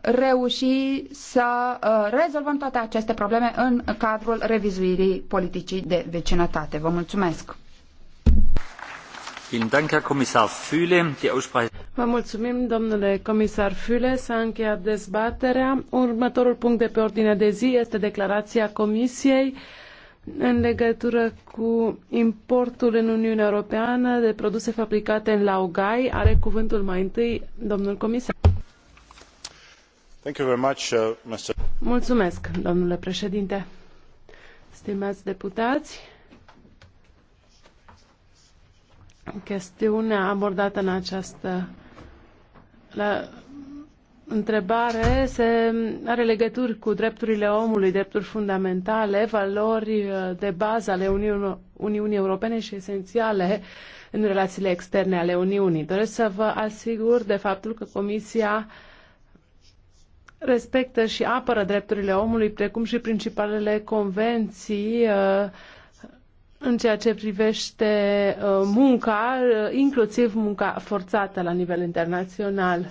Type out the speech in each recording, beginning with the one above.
reuși să uh, rezolvăm toate aceste probleme în cadrul revizuirii politicii de vecinătate. Vă mulțumesc! Vă mulțumim, domnule comisar Füle. S-a încheiat dezbaterea. Următorul punct de pe ordine de zi este declarația Comisiei în legătură cu importul în Uniunea Europeană de produse fabricate în Laugai. Are cuvântul mai întâi domnul comisar. Uh, Mulțumesc, domnule președinte. deputați, chestiunea abordată în această întrebare se are legături cu drepturile omului, drepturi fundamentale, valori uh, de bază ale Uniunii, Europene și esențiale în relațiile externe ale Uniunii. Doresc să vă asigur de faptul că Comisia respectă și apără drepturile omului, precum și principalele convenții uh, în ceea ce privește uh, munca, uh, inclusiv munca forțată la nivel internațional.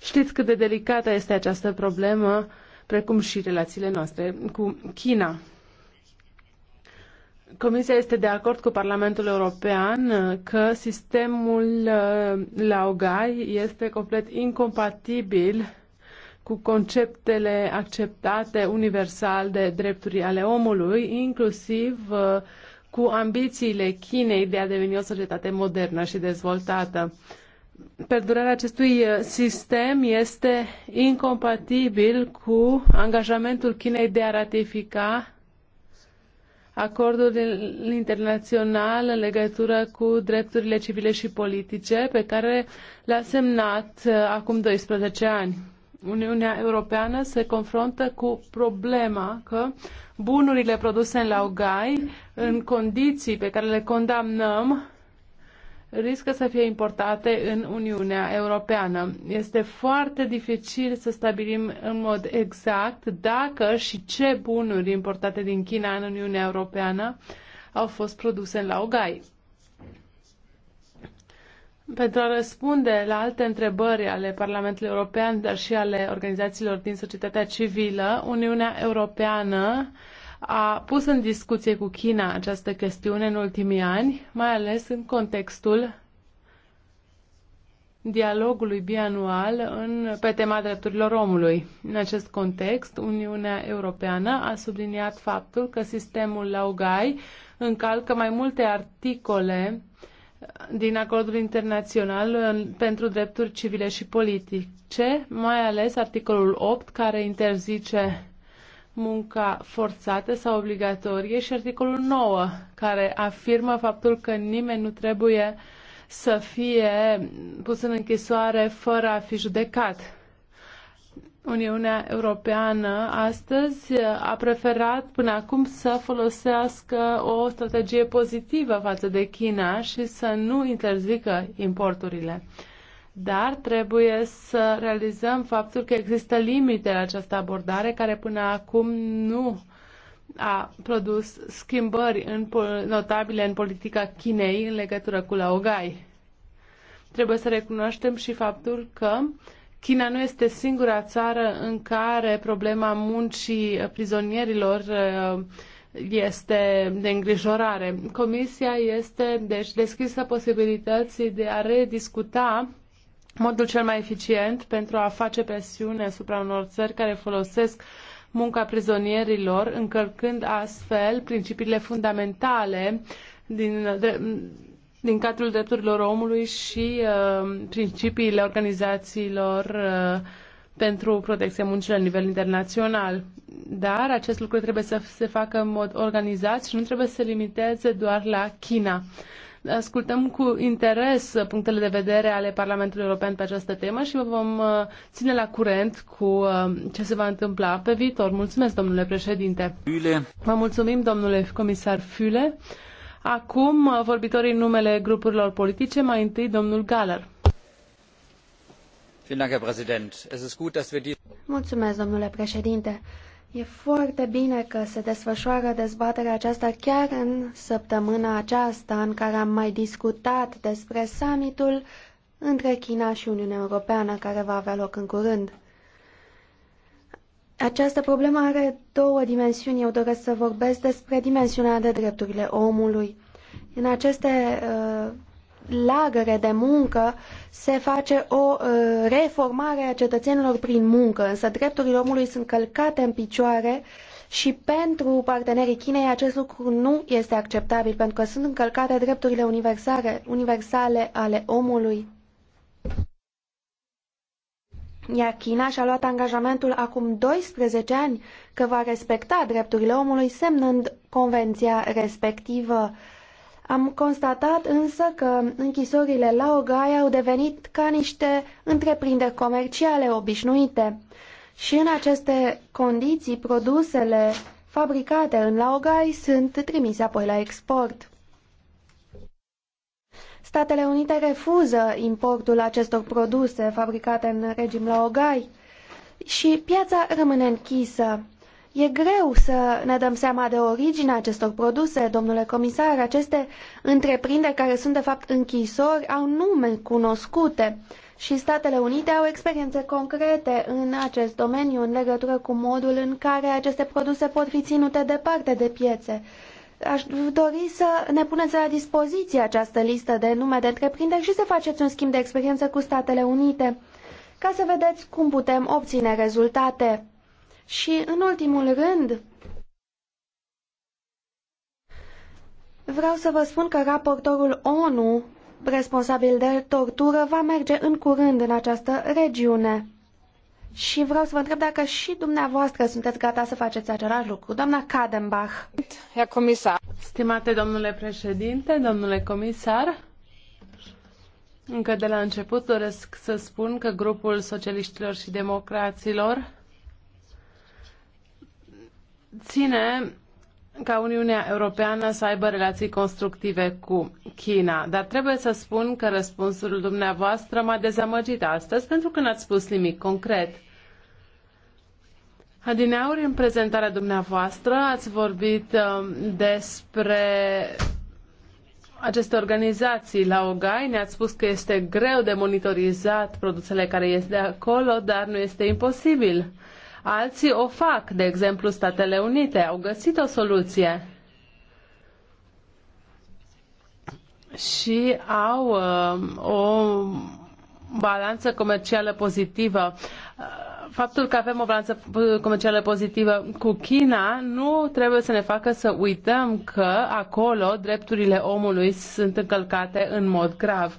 Știți cât de delicată este această problemă, precum și relațiile noastre cu China. Comisia este de acord cu Parlamentul European că sistemul la OGAI este complet incompatibil cu conceptele acceptate universal de drepturi ale omului, inclusiv uh, cu ambițiile Chinei de a deveni o societate modernă și dezvoltată. Perdurarea acestui uh, sistem este incompatibil cu angajamentul Chinei de a ratifica acordul internațional în legătură cu drepturile civile și politice pe care l-a semnat uh, acum 12 ani. Uniunea Europeană se confruntă cu problema că bunurile produse în laugai, în condiții pe care le condamnăm, riscă să fie importate în Uniunea Europeană. Este foarte dificil să stabilim în mod exact dacă și ce bunuri importate din China în Uniunea Europeană au fost produse în laugai. Pentru a răspunde la alte întrebări ale Parlamentului European, dar și ale organizațiilor din societatea civilă, Uniunea Europeană a pus în discuție cu China această chestiune în ultimii ani, mai ales în contextul dialogului bianual în, pe tema drepturilor omului. În acest context, Uniunea Europeană a subliniat faptul că sistemul laugai încalcă mai multe articole uh, din acordul internațional pentru drepturi civile și politice, mai ales articolul 8 care interzice munca forțată sau obligatorie și articolul 9 care afirmă faptul că nimeni nu trebuie să fie pus în închisoare fără a fi judecat. Uniunea Europeană astăzi a preferat până acum să folosească o strategie pozitivă față de China și să nu interzică importurile. Dar trebuie să realizăm faptul că există limite la această abordare care până acum nu a produs schimbări în, notabile în politica Chinei în legătură cu laogai. Trebuie să recunoaștem și faptul că uh, China nu este singura țară în care problema muncii prizonierilor uh, este de îngrijorare. Comisia este deci deschisă posibilității de a rediscuta modul cel mai eficient pentru a face presiune asupra unor țări care folosesc munca prizonierilor, încălcând astfel principiile fundamentale din din cadrul drepturilor omului și uh, principiile organizațiilor uh, pentru protecția muncii la nivel internațional. Dar acest lucru trebuie să se facă în mod organizat și nu trebuie să se limiteze doar la China. Ascultăm cu interes punctele de vedere ale Parlamentului European pe această temă și vă vom uh, ține la curent cu uh, ce se va întâmpla pe viitor. Mulțumesc, domnule președinte. Fule. Vă mulțumim, domnule comisar Füle. Acum, vorbitorii în numele grupurilor politice, mai întâi domnul Galer. Mulțumesc, domnule președinte. E foarte bine că se desfășoară dezbaterea aceasta chiar în săptămâna aceasta în care am mai discutat despre summitul între China și Uniunea Europeană care va avea loc în curând. Această problemă are două dimensiuni. Eu doresc să vorbesc despre dimensiunea de drepturile omului. În aceste uh, lagăre de muncă se face o uh, reformare a cetățenilor prin muncă, însă drepturile omului sunt călcate în picioare și pentru partenerii Chinei acest lucru nu este acceptabil, pentru că sunt încălcate drepturile universale, universale ale omului. Iar China și-a luat angajamentul acum 12 ani că va respecta drepturile omului semnând convenția respectivă. Am constatat însă că închisorile Laogai au devenit ca niște întreprinderi comerciale obișnuite. Și în aceste condiții, produsele fabricate în Laogai sunt trimise apoi la export. Statele Unite refuză importul acestor produse fabricate în regim la ogai și piața rămâne închisă. E greu să ne dăm seama de originea acestor produse, domnule comisar. Aceste întreprinderi care sunt de fapt închisori au nume cunoscute și Statele Unite au experiențe concrete în acest domeniu în legătură cu modul în care aceste produse pot fi ținute departe de piețe. Aș dori să ne puneți la dispoziție această listă de nume de întreprinderi și să faceți un schimb de experiență cu Statele Unite ca să vedeți cum putem obține rezultate. Și, în ultimul rând, vreau să vă spun că raportorul ONU responsabil de tortură va merge în curând în această regiune. Și vreau să vă întreb dacă și dumneavoastră sunteți gata să faceți același lucru. Doamna Kadenbach. Herr comisar. Stimate domnule președinte, domnule comisar, încă de la început doresc să spun că grupul socialiștilor și democraților ține ca Uniunea Europeană să aibă relații constructive cu China, dar trebuie să spun că răspunsul dumneavoastră m-a dezamăgit astăzi pentru că n-ați spus nimic concret. Adineauri, în prezentarea dumneavoastră ați vorbit um, despre aceste organizații la OGAI, ne-ați spus că este greu de monitorizat produsele care ies de acolo, dar nu este imposibil. Alții o fac, de exemplu Statele Unite, au găsit o soluție și au uh, o balanță comercială pozitivă. Uh, faptul că avem o balanță comercială pozitivă cu China nu trebuie să ne facă să uităm că acolo drepturile omului sunt încălcate în mod grav.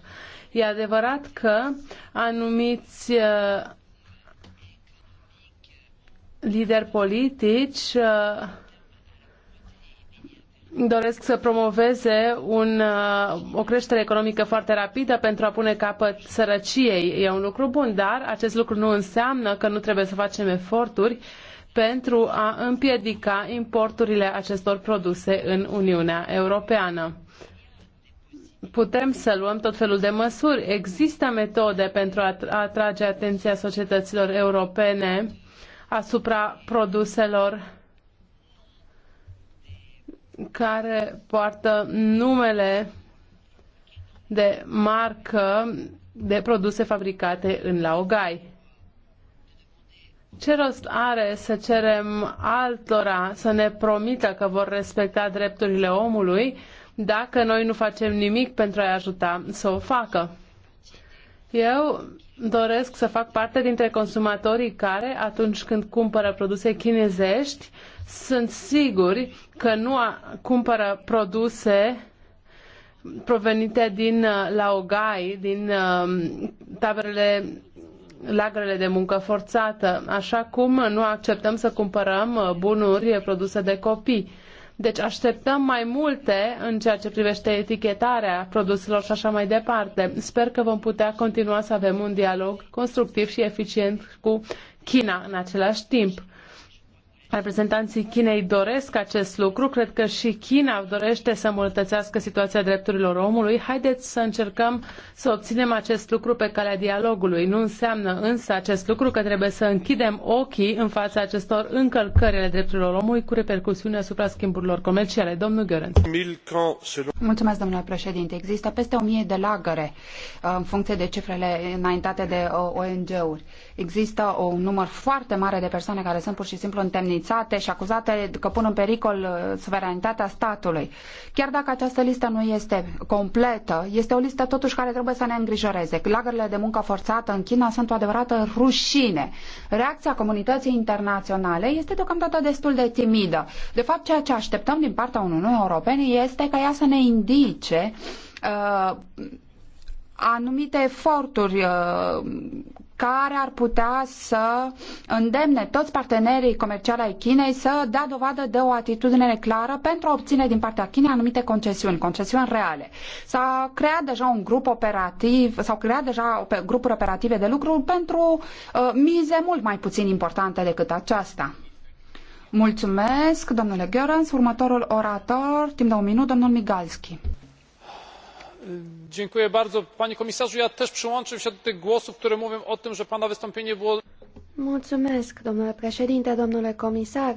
E adevărat că anumiți uh, lideri politici uh, doresc să promoveze un, uh, o creștere economică foarte rapidă pentru a pune capăt sărăciei. E un lucru bun, dar acest lucru nu înseamnă că nu trebuie să facem eforturi pentru a împiedica importurile acestor produse în Uniunea Europeană. Putem să luăm tot felul de măsuri. Există metode pentru a atrage atenția societăților europene asupra produselor care poartă numele de marcă de produse fabricate în Laogai. Ce rost are să cerem altora să ne promită că vor respecta drepturile omului dacă noi nu facem nimic pentru a-i ajuta să o facă? Eu doresc să fac parte dintre consumatorii care, atunci când cumpără produse chinezești, sunt siguri că nu cumpără produse provenite din uh, Laogai, din um, taberele lagrele de muncă forțată, așa cum nu acceptăm să cumpărăm uh, bunuri uh, produse de copii. Deci așteptăm mai multe în ceea ce privește etichetarea produselor și așa mai departe. Sper că vom putea continua să avem un dialog constructiv și eficient cu China în același timp reprezentanții Chinei doresc acest lucru, cred că și China dorește să îmbunătățească situația drepturilor omului. Haideți să încercăm să obținem acest lucru pe calea dialogului. Nu înseamnă însă acest lucru că trebuie să închidem ochii în fața acestor încălcări ale drepturilor omului cu repercusiuni asupra schimburilor comerciale. Domnul Gărânț. Mulțumesc, domnule președinte. Există peste o mie de lagăre uh, în funcție de cifrele înaintate de uh, ONG-uri. Există un număr foarte mare de persoane care sunt pur și simplu întemnițate amenințate și acuzate că pun în pericol uh, suveranitatea statului. Chiar dacă această listă nu este completă, este o listă totuși care trebuie să ne îngrijoreze. Lagările de muncă forțată în China sunt o adevărată rușine. Reacția comunității internaționale este deocamdată destul de timidă. De fapt, ceea ce așteptăm din partea Uniunii Europene este ca ea să ne indice uh, anumite eforturi uh, care ar putea să îndemne toți partenerii comerciali ai Chinei să dea dovadă de o atitudine clară pentru a obține din partea Chinei anumite concesiuni, concesiuni reale. S-a creat deja un grup operativ, s-au creat deja grupuri operative de lucru pentru uh, mize mult mai puțin importante decât aceasta. Mulțumesc, domnule Görens. Următorul orator, timp de un minut, domnul Migalski panie komisarzu! ja też przyłączam się do tych głosów które mówią o tym że pana wystąpienie było. domnule președinte domnule comisar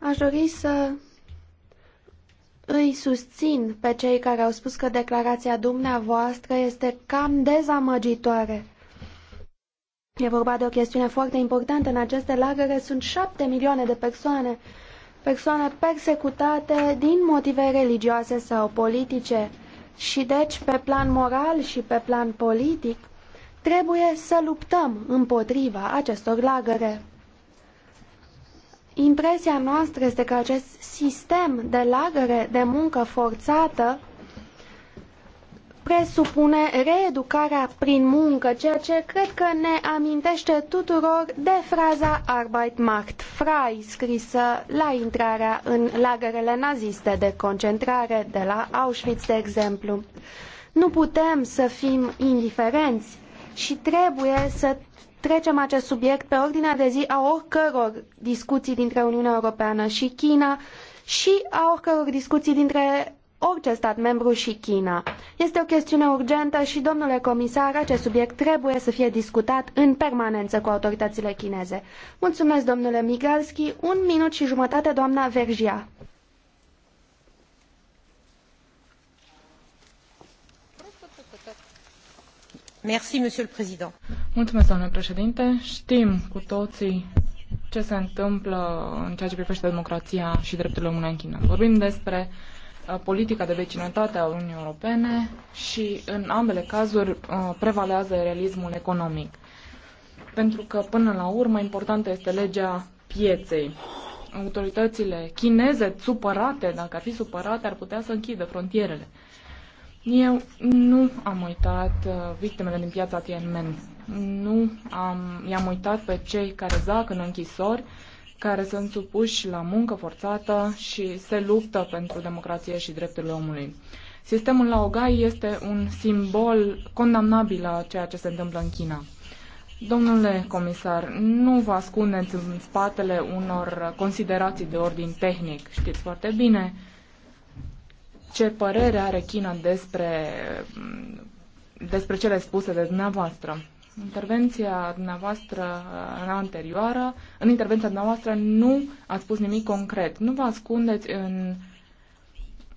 aș dori să îi susțin pe cei care au spus că declarația dumneavoastră este cam dezamăgitoare. E vorba de o chestiune foarte importantă. În aceste lagăre sunt șapte milioane de persoane, persoane persecutate din motive religioase sau politice și deci, pe plan moral și pe plan politic, trebuie să luptăm împotriva acestor lagăre. Impresia noastră este că acest sistem de lagăre de muncă forțată presupune reeducarea prin muncă, ceea ce cred că ne amintește tuturor de fraza Arbeit macht frei, scrisă la intrarea în lagărele naziste de concentrare de la Auschwitz, de exemplu. Nu putem să fim indiferenți și trebuie să trecem acest subiect pe ordinea de zi a oricăror discuții dintre Uniunea Europeană și China și a oricăror discuții dintre orice stat membru și China. Este o chestiune urgentă și, domnule comisar, acest subiect trebuie să fie discutat în permanență cu autoritățile chineze. Mulțumesc, domnule Migalski. Un minut și jumătate, doamna Vergia. Mulțumesc, doamnă președinte. Știm cu toții ce se întâmplă în ceea ce privește democrația și drepturile omului în China. Vorbim despre politica de vecinătate a Uniunii Europene și în ambele cazuri uh, prevalează realismul economic. Pentru că, până la urmă, importantă este legea pieței. Autoritățile chineze, supărate, dacă ar fi supărate, ar putea să închidă frontierele. Eu nu am uitat uh, victimele din piața Tiananmen. Nu am, i-am uitat pe cei care zac în închisori, care sunt supuși la muncă forțată și se luptă pentru democrație și drepturile omului. Sistemul Laogai este un simbol condamnabil a ceea ce se întâmplă în China. Domnule comisar, nu vă ascundeți în spatele unor considerații de ordin tehnic. Știți foarte bine ce părere are China despre, despre cele spuse de dumneavoastră intervenția dumneavoastră uh, anterioară, în intervenția dumneavoastră nu ați spus nimic concret. Nu vă ascundeți în,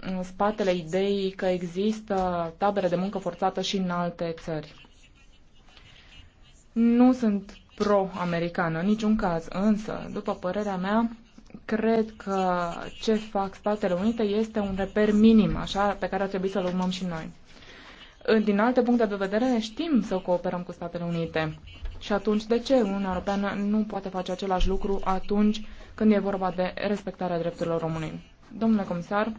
în spatele ideii că există tabere de muncă forțată și în alte țări. Nu sunt pro-americană, în niciun caz, însă, după părerea mea, cred că ce fac Statele Unite este un reper minim, așa, pe care ar trebui să-l urmăm și noi din alte puncte de vedere știm să cooperăm cu Statele Unite. Și atunci, de ce Uniunea Europeană nu poate face același lucru atunci când e vorba de respectarea drepturilor românii? Domnule comisar,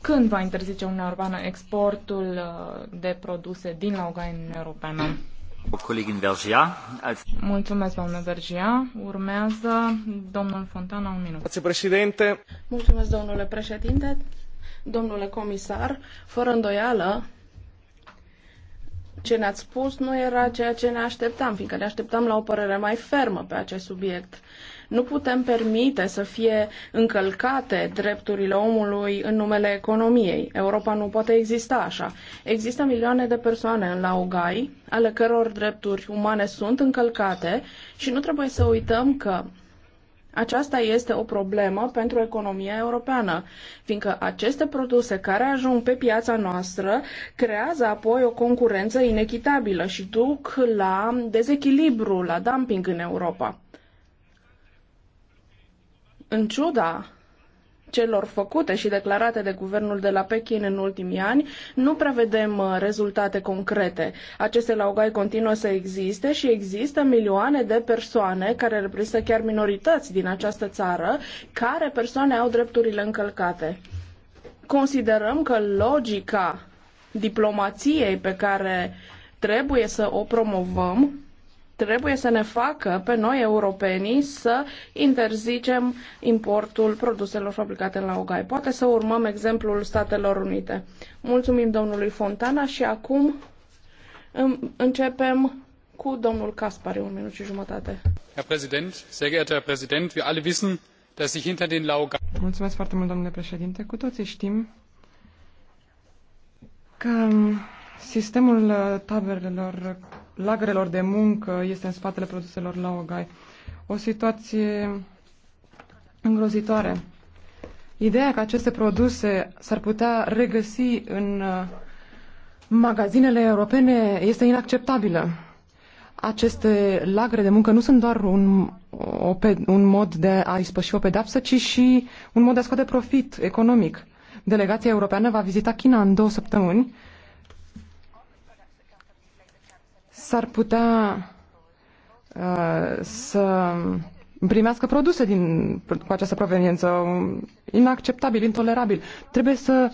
când va interzice Uniunea Europeană exportul uh, de produse din Laogai în Europeană? Mulțumesc, doamnă Vergia. Urmează domnul Fontana, un minut. Mulțumesc, domnule președinte. Domnule comisar, fără îndoială, ce ne-ați spus nu era ceea ce ne așteptam, fiindcă ne așteptam la o părere mai fermă pe acest subiect. Nu putem permite să fie încălcate drepturile omului în numele economiei. Europa nu poate exista așa. Există milioane de persoane în Laogai ale căror drepturi umane sunt încălcate și nu trebuie să uităm că aceasta este o problemă pentru economia europeană, fiindcă aceste produse care ajung pe piața noastră creează apoi o concurență inechitabilă și duc la dezechilibru, la dumping în Europa. În ciuda celor făcute și declarate de guvernul de la Pekin în ultimii ani, nu prevedem uh, rezultate concrete. Aceste laogai continuă să existe și există milioane de persoane care reprezintă chiar minorități din această țară, care persoane au drepturile încălcate. Considerăm că logica diplomației pe care trebuie să o promovăm trebuie să ne facă pe noi europenii să interzicem importul produselor fabricate la ogai. Poate să urmăm exemplul Statelor Unite. Mulțumim domnului Fontana și acum începem cu domnul Caspari, un minut și jumătate. Herr Präsident, sehr geehrter Herr Präsident, wir alle wissen, dass sich hinter den Laogai... Mulțumesc foarte mult, domnule președinte. Cu toții știm că um, sistemul uh, taberelor lagărelor de muncă este în spatele produselor Ogai. O situație îngrozitoare. Ideea că aceste produse s-ar putea regăsi în uh, magazinele europene este inacceptabilă. Aceste lagre de muncă nu sunt doar un, o, un mod de a ispăși o pedapsă, ci și un mod de a scoate profit economic. Delegația europeană va vizita China în două săptămâni s-ar putea uh, să primească produse din, cu această proveniență. Um, inacceptabil, intolerabil. Trebuie să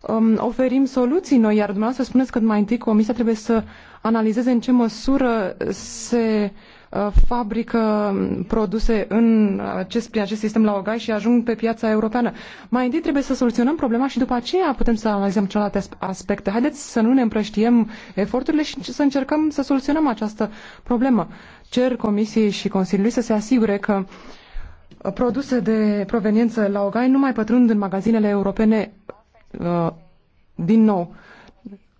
um, oferim soluții noi, iar dumneavoastră spuneți că mai întâi Comisia trebuie să analizeze în ce măsură se uh, Uh, fabrică produse în acest, prin acest sistem la OGAI și ajung pe piața europeană. Mai întâi trebuie să soluționăm problema și după aceea putem să analizăm celelalte aspecte. Haideți să nu ne împrăștiem eforturile și să încercăm să soluționăm această problemă. Cer Comisiei și Consiliului să se asigure că produse de proveniență la OGAI nu mai pătrund în magazinele europene uh, din nou.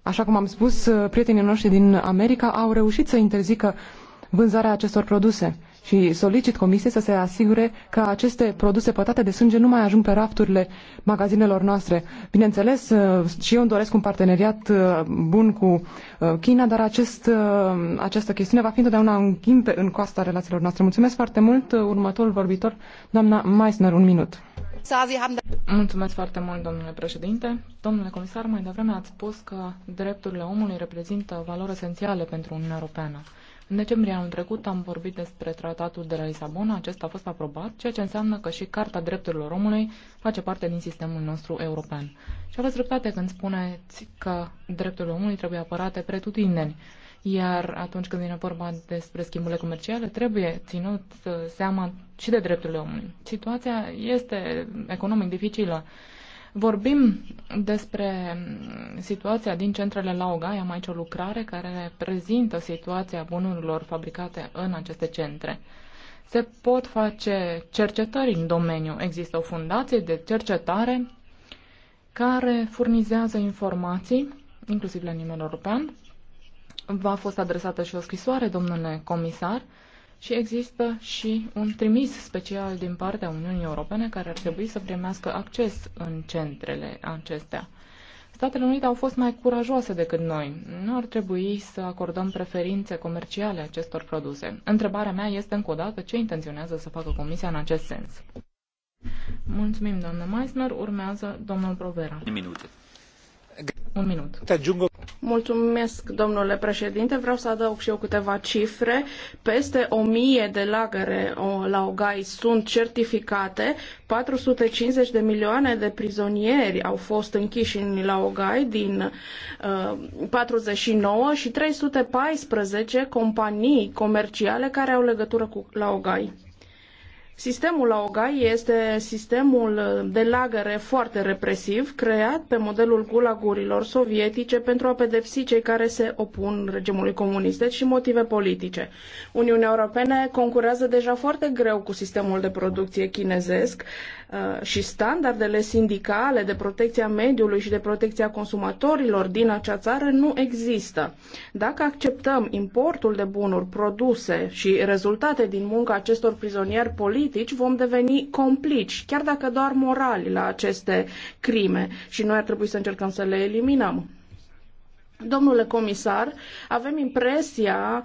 Așa cum am spus, uh, prietenii noștri din America au reușit să interzică uh, vânzarea acestor produse și solicit comisiei să se asigure că aceste produse pătate de sânge nu mai ajung pe rafturile magazinelor noastre. Bineînțeles, uh, și eu îmi doresc un parteneriat uh, bun cu uh, China, dar acest, această chestiune va fi întotdeauna un ghimpe în coasta relațiilor noastre. Mulțumesc foarte mult. Următorul vorbitor, doamna Meissner, un minut. Mulțumesc foarte mult, domnule președinte. Domnule comisar, mai devreme ați spus că drepturile omului reprezintă valori esențiale pentru Uniunea Europeană. În decembrie anul trecut am vorbit despre tratatul de la Lisabona, acesta a fost aprobat, ceea ce înseamnă că și Carta Drepturilor Omului face parte din sistemul nostru european. Și aveți dreptate când spuneți că drepturile omului trebuie apărate pretutindeni, iar atunci când vine vorba despre schimburile comerciale, trebuie ținut uh, seama și de drepturile omului. Situația este economic dificilă Vorbim despre situația din centrele Laogai. Am aici o lucrare care prezintă situația bunurilor fabricate în aceste centre. Se pot face cercetări în domeniu. Există o fundație de cercetare care furnizează informații, inclusiv la nivel european. V-a fost adresată și o scrisoare, domnule comisar, și există și un trimis special din partea Uniunii Europene care ar trebui să primească acces în centrele acestea. Statele Unite au fost mai curajoase decât noi. Nu ar trebui să acordăm preferințe comerciale acestor produse. Întrebarea mea este încă o dată ce intenționează să facă Comisia în acest sens. Mulțumim, doamnă Meissner. Urmează domnul Provera. Minute. Un minut. Mulțumesc, domnule președinte. Vreau să adaug și eu câteva cifre. Peste o mie de lagăre la Ogai sunt certificate, 450 de milioane de prizonieri au fost închiși în Laogai din uh, 49 și 314 companii comerciale care au legătură cu Laogai. Sistemul AOGA este sistemul de lagăre foarte represiv, creat pe modelul gulagurilor sovietice pentru a pedepsi cei care se opun regimului comunist, deci și motive politice. Uniunea Europeană concurează deja foarte greu cu sistemul de producție chinezesc uh, și standardele sindicale de protecție a mediului și de protecție a consumatorilor din acea țară nu există. Dacă acceptăm importul de bunuri, produse și rezultate din munca acestor prizonieri politici, politici vom deveni complici, chiar dacă doar morali, la aceste crime și noi ar trebui să încercăm să le eliminăm. Domnule comisar, avem impresia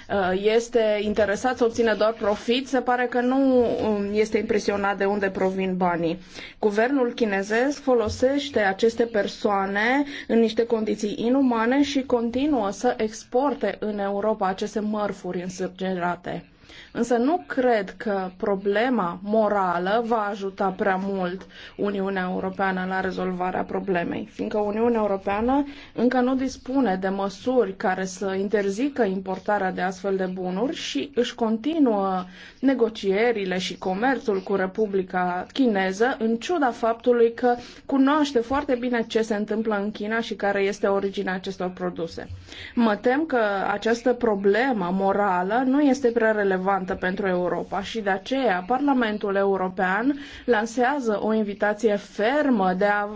Uh, este interesat să obțină doar profit, se pare că nu um, este impresionat de unde provin banii. Guvernul chinezesc folosește aceste persoane în niște condiții inumane și continuă să exporte în Europa aceste mărfuri însârgerate. Însă nu cred că problema morală va ajuta prea mult Uniunea Europeană la rezolvarea problemei, fiindcă Uniunea Europeană încă nu dispune de măsuri care să interzică importarea de astfel de bunuri și își continuă negocierile și comerțul cu Republica Chineză, în ciuda faptului că cunoaște foarte bine ce se întâmplă în China și care este originea acestor produse. Mă tem că această problemă morală nu este prea relevantă relevantă pentru Europa și de aceea Parlamentul European lansează o invitație fermă de a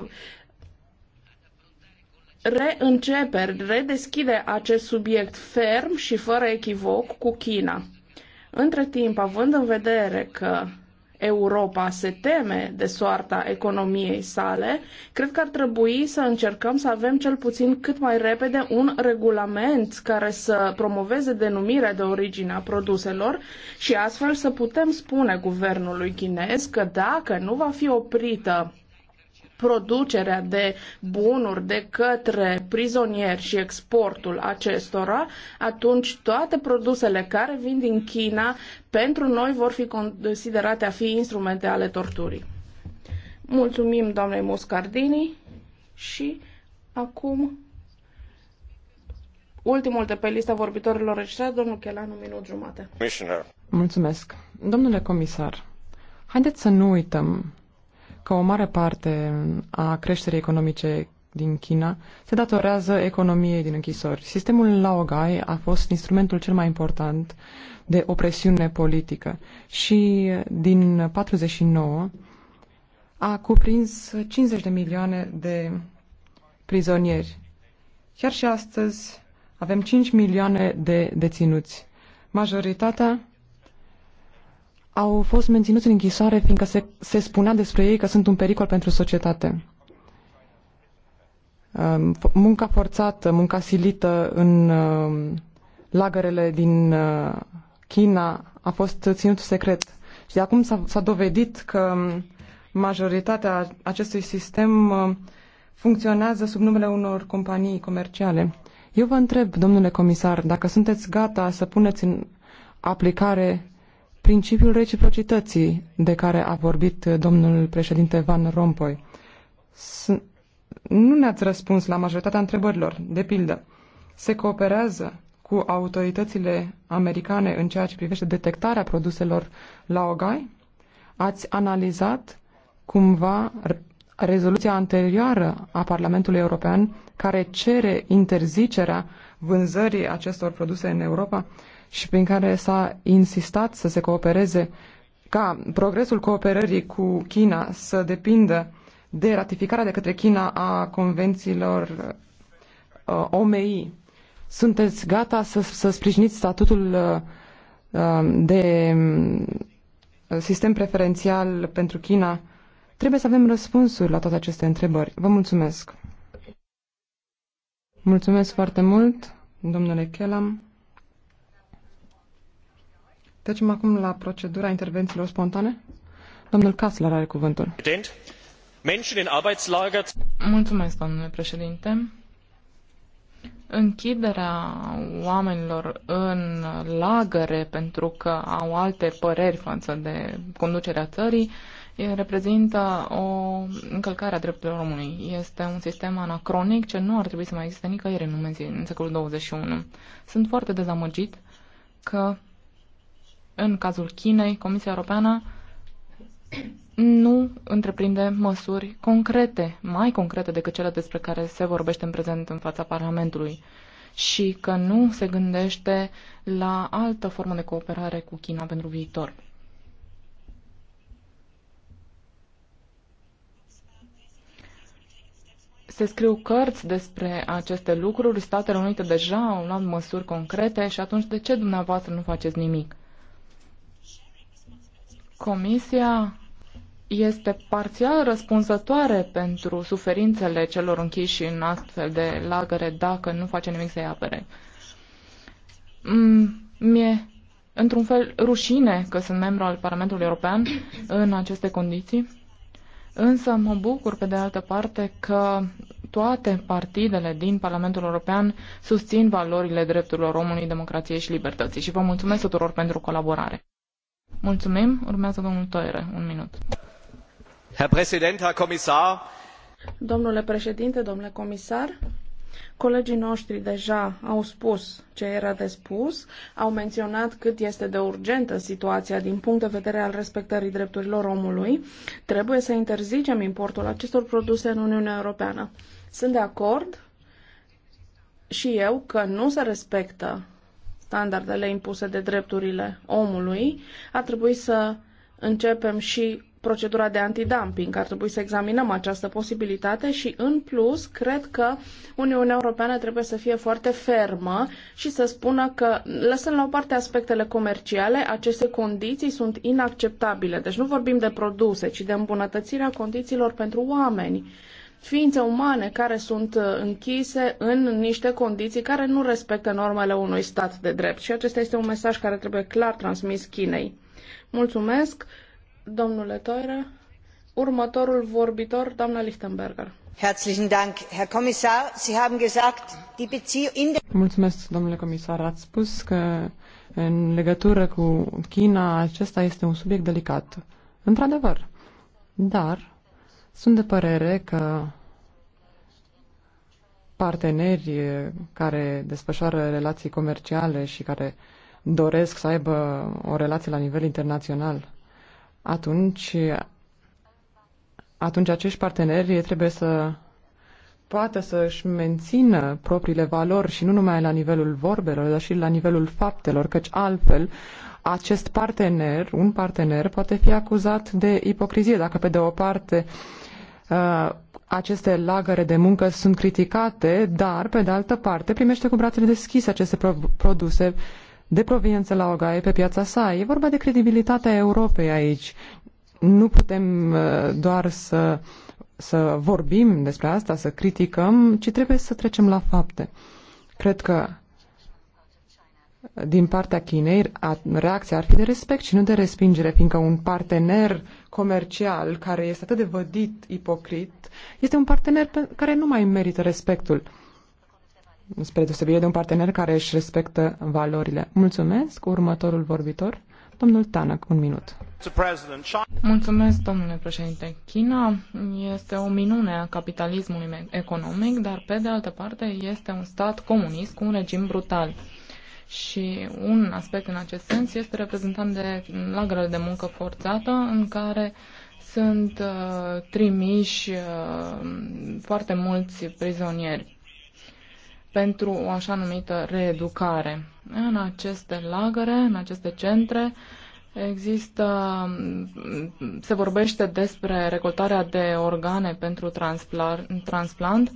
reîncepe, redeschide acest subiect ferm și fără echivoc cu China. Între timp, având în vedere că Europa se teme de soarta economiei sale, cred că ar trebui să încercăm să avem cel puțin cât mai repede un regulament care să promoveze denumirea de origine a produselor și astfel să putem spune guvernului chinez că dacă nu va fi oprită producerea de bunuri de către prizonieri și exportul acestora, atunci toate produsele care vin din China pentru noi vor fi considerate a fi instrumente ale torturii. Mulțumim doamnei Muscardini și acum ultimul de pe lista vorbitorilor registrat, domnul Chelan, un minut jumate. Mulțumesc. Domnule comisar, haideți să nu uităm că o mare parte a creșterii economice din China se datorează economiei din închisori. Sistemul Laogai a fost instrumentul cel mai important de opresiune politică și din 49 a cuprins 50 de milioane de prizonieri. Chiar și astăzi avem 5 milioane de deținuți. Majoritatea au fost menținuți în închisoare fiindcă se, se spunea despre ei că sunt un pericol pentru societate. Um, munca forțată, munca silită în um, lagărele din uh, China a fost ținut secret. Și acum s-a, dovedit că um, majoritatea acestui sistem funcționează sub numele unor companii comerciale. Eu vă întreb, domnule comisar, dacă sunteți gata să puneți în aplicare principiul reciprocității de care a vorbit uh, domnul președinte Van Rompuy. S nu ne-ați răspuns la majoritatea întrebărilor. De pildă, se cooperează cu autoritățile americane în ceea ce privește detectarea produselor laogai? Ați analizat cumva rezoluția anterioară a Parlamentului European care cere interzicerea vânzării acestor produse în Europa și prin care s-a insistat să se coopereze ca progresul cooperării cu China să depindă de ratificarea de către China a convențiilor uh, OMI. Sunteți gata să, să sprijiniți statutul uh, uh de um, sistem preferențial pentru China Trebuie să avem răspunsuri la toate aceste întrebări. Vă mulțumesc! Mulțumesc foarte mult, domnule Chelam. Trecem acum la procedura intervențiilor spontane. Domnul Kassler are cuvântul. Mulțumesc, domnule președinte. Închiderea oamenilor în lagăre pentru că au alte păreri față de conducerea țării reprezintă o încălcare a drepturilor omului. Este un sistem anacronic ce nu ar trebui să mai existe nicăieri în, în secolul 21. Sunt foarte dezamăgit că în cazul Chinei, Comisia Europeană nu întreprinde măsuri concrete, mai concrete decât cele despre care se vorbește în prezent în fața Parlamentului și că nu se gândește la altă formă de cooperare cu China pentru viitor. se scriu cărți despre aceste lucruri, Statele Unite deja au luat măsuri concrete și atunci de ce dumneavoastră nu faceți nimic? Comisia este parțial răspunzătoare pentru suferințele celor închiși în astfel de lagăre dacă nu face nimic să-i apere. Mm, mie, într-un fel, rușine că sunt membru al Parlamentului European în aceste condiții Însă mă bucur, pe de altă parte, că toate partidele din Parlamentul European susțin valorile drepturilor omului, democrației și libertății și vă mulțumesc tuturor pentru colaborare. Mulțumim. Urmează domnul Toire. Un minut. Herr Präsident, Herr Kommissar. Domnule președinte, domnule comisar, Colegii noștri deja au spus ce era de spus, au menționat cât este de urgentă situația din punct de vedere al respectării drepturilor omului. Trebuie să interzicem importul acestor produse în Uniunea Europeană. Sunt de acord și eu că nu se respectă standardele impuse de drepturile omului. Ar trebui să începem și procedura de antidumping. Ar trebui să examinăm această posibilitate și, în plus, cred că Uniunea Europeană trebuie să fie foarte fermă și să spună că, lăsând la o parte aspectele comerciale, aceste condiții sunt inacceptabile. Deci nu vorbim de produse, ci de îmbunătățirea condițiilor pentru oameni ființe umane care sunt uh, închise în niște condiții care nu respectă normele unui stat de drept. Și acesta este un mesaj care trebuie clar transmis Chinei. Mulțumesc. Domnule Toire, următorul vorbitor, doamna Lichtenberger. Herzlichen Dank, Herr Kommissar. Sie haben gesagt, die Beziehung Mulțumesc, domnule comisar. Ați spus că în legătură cu China acesta este un subiect delicat. Într-adevăr. Dar sunt de părere că parteneri care desfășoară relații comerciale și care doresc să aibă o relație la nivel internațional atunci, atunci acești parteneri trebuie să poată să își mențină propriile valori și nu numai la nivelul vorbelor, dar și la nivelul faptelor, căci altfel acest partener, un partener, poate fi acuzat de ipocrizie. Dacă pe de o parte uh, aceste lagăre de muncă sunt criticate, dar pe de altă parte primește cu brațele deschise aceste produse de proveniență la OGAE pe piața sa. E vorba de credibilitatea Europei aici. Nu putem uh, doar să, să vorbim despre asta, să criticăm, ci trebuie să trecem la fapte. Cred că din partea Chinei reacția ar fi de respect și nu de respingere, fiindcă un partener comercial care este atât de vădit, ipocrit, este un partener care nu mai merită respectul spre deosebire de un partener care își respectă valorile. Mulțumesc. Următorul vorbitor, domnul Tanak, un minut. Mulțumesc, domnule președinte. China este o minune a capitalismului economic, dar pe de altă parte este un stat comunist cu un regim brutal. Și un aspect în acest sens este reprezentant de lagărele de muncă forțată în care sunt uh, trimiși uh, foarte mulți prizonieri pentru o așa numită reeducare. În aceste lagăre, în aceste centre, există, se vorbește despre recoltarea de organe pentru transplant.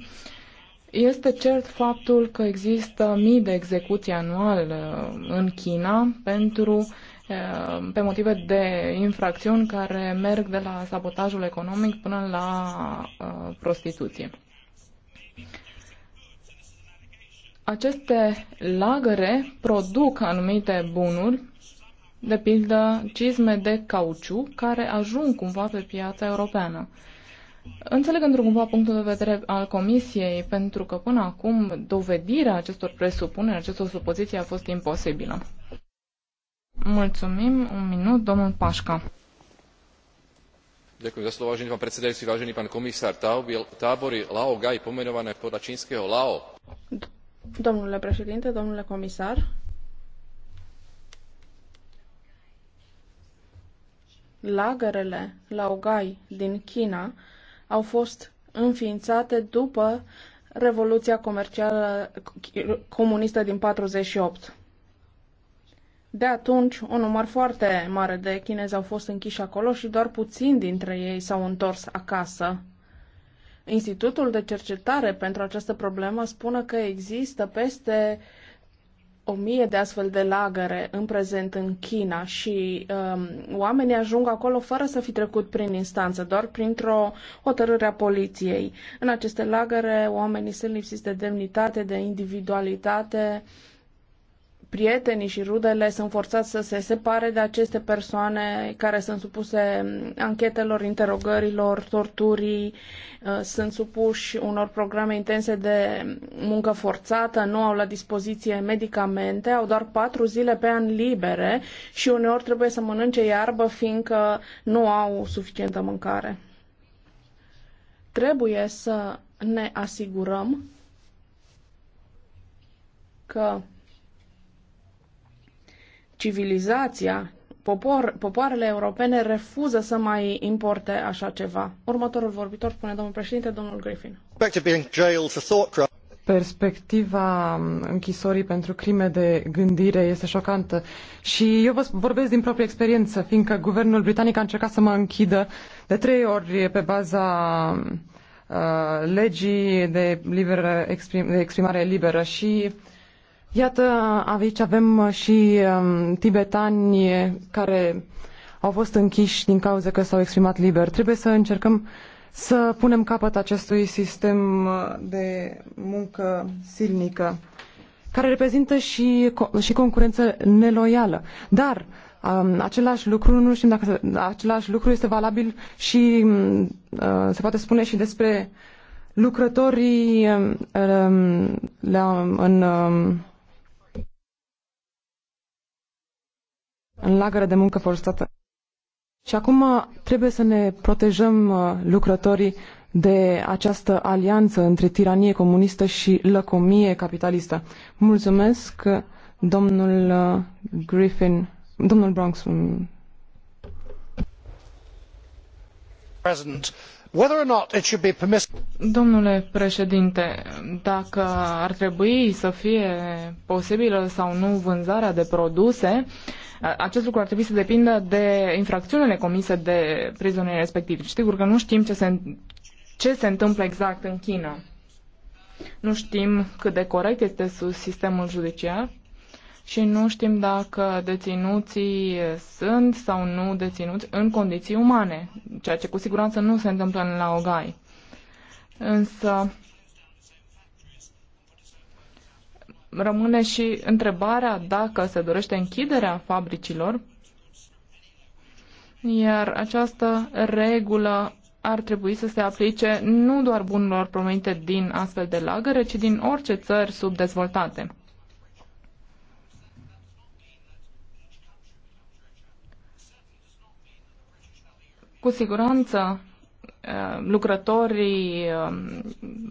Este cert faptul că există mii de execuții anual uh, în China pentru uh, pe motive de infracțiuni care merg de la sabotajul economic până la uh, prostituție. Aceste lagăre produc anumite bunuri, de pildă cizme de cauciu, care ajung cumva pe piața europeană. Înțeleg într-un cumva punctul de vedere al Comisiei, pentru că până acum dovedirea acestor presupuneri, acestor supoziții a fost imposibilă. Mulțumim. Un minut, domnul Pașca. Ďakujem za slovo, vážený pán predsedajúci, vážený pán komisár. Tábory Lao Gai, pomenované podľa čínskeho Lao. Domnule președinte, domnule comisar, lagărele Laogai din China au fost înființate după Revoluția comercială comunistă din 48. De atunci, un număr foarte mare de chinezi au fost închiși acolo și doar puțini dintre ei s-au întors acasă Institutul de cercetare pentru această problemă spune că există peste o mie de astfel de lagăre în prezent în China și um, oamenii ajung acolo fără să fi trecut prin instanță, doar printr-o hotărâre a poliției. În aceste lagăre oamenii sunt lipsiți de demnitate, de individualitate, prietenii și rudele sunt forțați să se separe de aceste persoane care sunt supuse anchetelor, interogărilor, torturii, uh, sunt supuși unor programe intense de muncă forțată, nu au la dispoziție medicamente, au doar patru zile pe an libere și uneori trebuie să mănânce iarbă fiindcă nu au suficientă mâncare. Trebuie să ne asigurăm că civilizația, popor, popoarele europene refuză să mai importe așa ceva. Următorul vorbitor spune domnul președinte, domnul Griffin. Perspectiva um, închisorii pentru crime de gândire este șocantă și eu vă vorbesc din proprie experiență, fiindcă guvernul britanic a încercat să mă închidă de trei ori pe baza um, uh, legii de, liberă, exprim, de exprimare liberă și uh, Iată, aici avem uh, și um, tibetani care au fost închiși din cauza că s-au exprimat liber. Trebuie să încercăm să punem capăt acestui sistem uh, de muncă silnică, care reprezintă și, și concurență neloială. Dar um, același lucru, nu știm dacă același lucru este valabil și um, uh, se poate spune și despre lucrătorii um, la, în um, în lagăre de muncă forțată. Și acum uh, trebuie să ne protejăm uh, lucrătorii de această alianță între tiranie comunistă și lăcomie capitalistă. Mulțumesc, uh, domnul Griffin, domnul Bronx. President. Domnule președinte, dacă ar trebui să fie posibilă sau nu vânzarea de produse, uh, acest lucru ar trebui să depindă de infracțiunile comise de prizonierii respectivi. Sigur că nu știm ce se, ce se întâmplă exact în China. Nu știm cât de corect este sus sistemul judiciar și nu știm dacă deținuții sunt sau nu deținuți în condiții umane, ceea ce cu siguranță nu se întâmplă în Laogai. Însă rămâne și întrebarea dacă se dorește închiderea fabricilor, iar această regulă ar trebui să se aplice nu doar bunurilor promenite din astfel de lagăre, ci din orice țări subdezvoltate. Cu siguranță, Uh, lucrătorii um,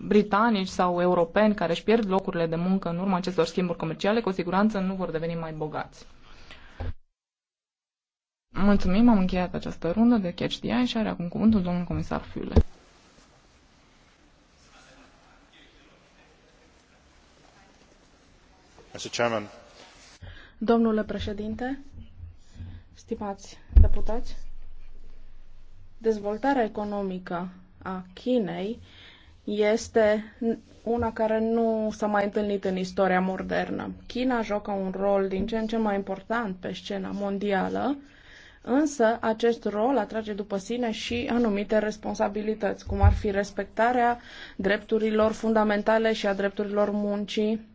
britanici sau europeni care își pierd locurile de muncă în urma acestor schimburi comerciale, cu siguranță nu vor deveni mai bogați. Mulțumim, am încheiat această rundă de Catch the Eye și are acum cuvântul domnul comisar Fiule. Domnule președinte, stimați deputați, Dezvoltarea economică a Chinei este una care nu s-a mai întâlnit în istoria modernă. China joacă un rol din ce în ce mai important pe scena mondială, însă acest rol atrage după sine și anumite responsabilități, cum ar fi respectarea drepturilor fundamentale și a drepturilor muncii,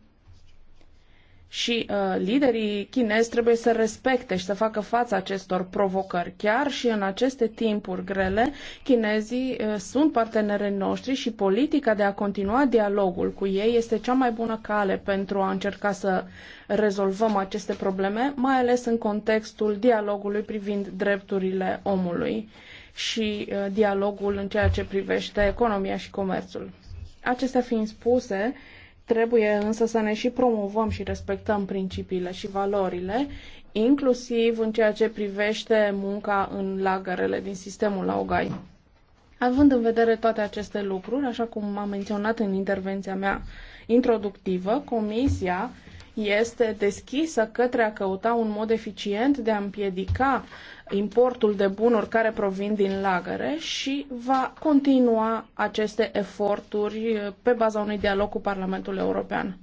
și uh, liderii chinezi trebuie să respecte și să facă față acestor provocări. Chiar și în aceste timpuri grele, chinezii uh, sunt partenerii noștri și politica de a continua dialogul cu ei este cea mai bună cale pentru a încerca să rezolvăm aceste probleme, mai ales în contextul dialogului privind drepturile omului și uh, dialogul în ceea ce privește economia și comerțul. Acestea fiind spuse, uh, Trebuie însă să ne și promovăm și respectăm principiile și valorile, inclusiv în ceea ce privește munca în lagărele din sistemul Laogai. Având în vedere toate aceste lucruri, așa cum am menționat în intervenția mea introductivă, Comisia este deschisă către a căuta un mod eficient de a împiedica importul de bunuri care provin din lagăre și va continua aceste eforturi pe baza unui dialog cu Parlamentul European.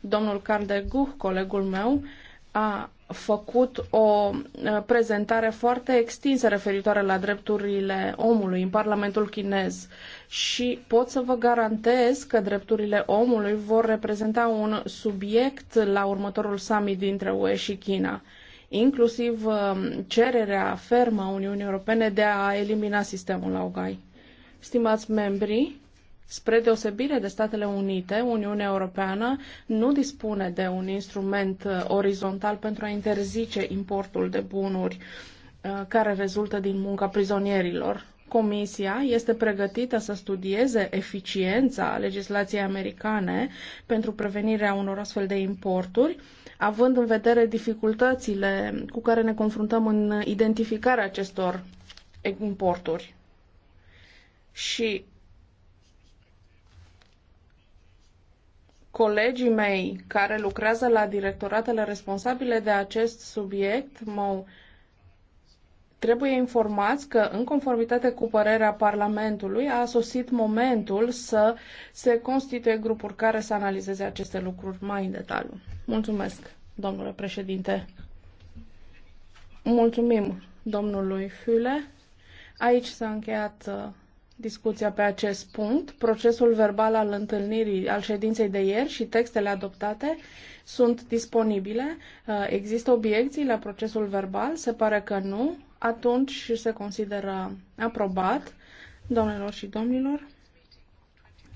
Domnul Carl de Guh, colegul meu, a făcut o eh, prezentare foarte extinsă referitoare la drepturile omului în Parlamentul chinez și pot să vă garantez că drepturile omului vor reprezenta un subiect la următorul summit dintre UE și China inclusiv eh, cererea fermă a Uniunii Europene de a elimina sistemul Laogai. Stimați membri, Spre deosebire de Statele Unite, Uniunea Europeană nu dispune de un instrument uh, orizontal pentru a interzice importul de bunuri uh, care rezultă din munca prizonierilor. Comisia este pregătită să studieze eficiența legislației americane pentru prevenirea unor astfel de importuri, având în vedere dificultățile cu care ne confruntăm în identificarea acestor importuri. Și Colegii mei care lucrează la directoratele responsabile de acest subiect mă trebuie informați că, în conformitate cu părerea Parlamentului, a sosit momentul să se constituie grupuri care să analizeze aceste lucruri mai în detaliu. Mulțumesc, domnule președinte. Mulțumim domnului Füle. Aici s-a încheiat uh, discuția pe acest punct. Procesul verbal al întâlnirii, al ședinței de ieri și textele adoptate sunt disponibile. Uh, există obiecții la procesul verbal? Se pare că nu. Atunci se consideră aprobat, domnilor și domnilor.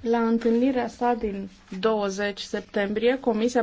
La întâlnirea sa din 20 septembrie, Comisia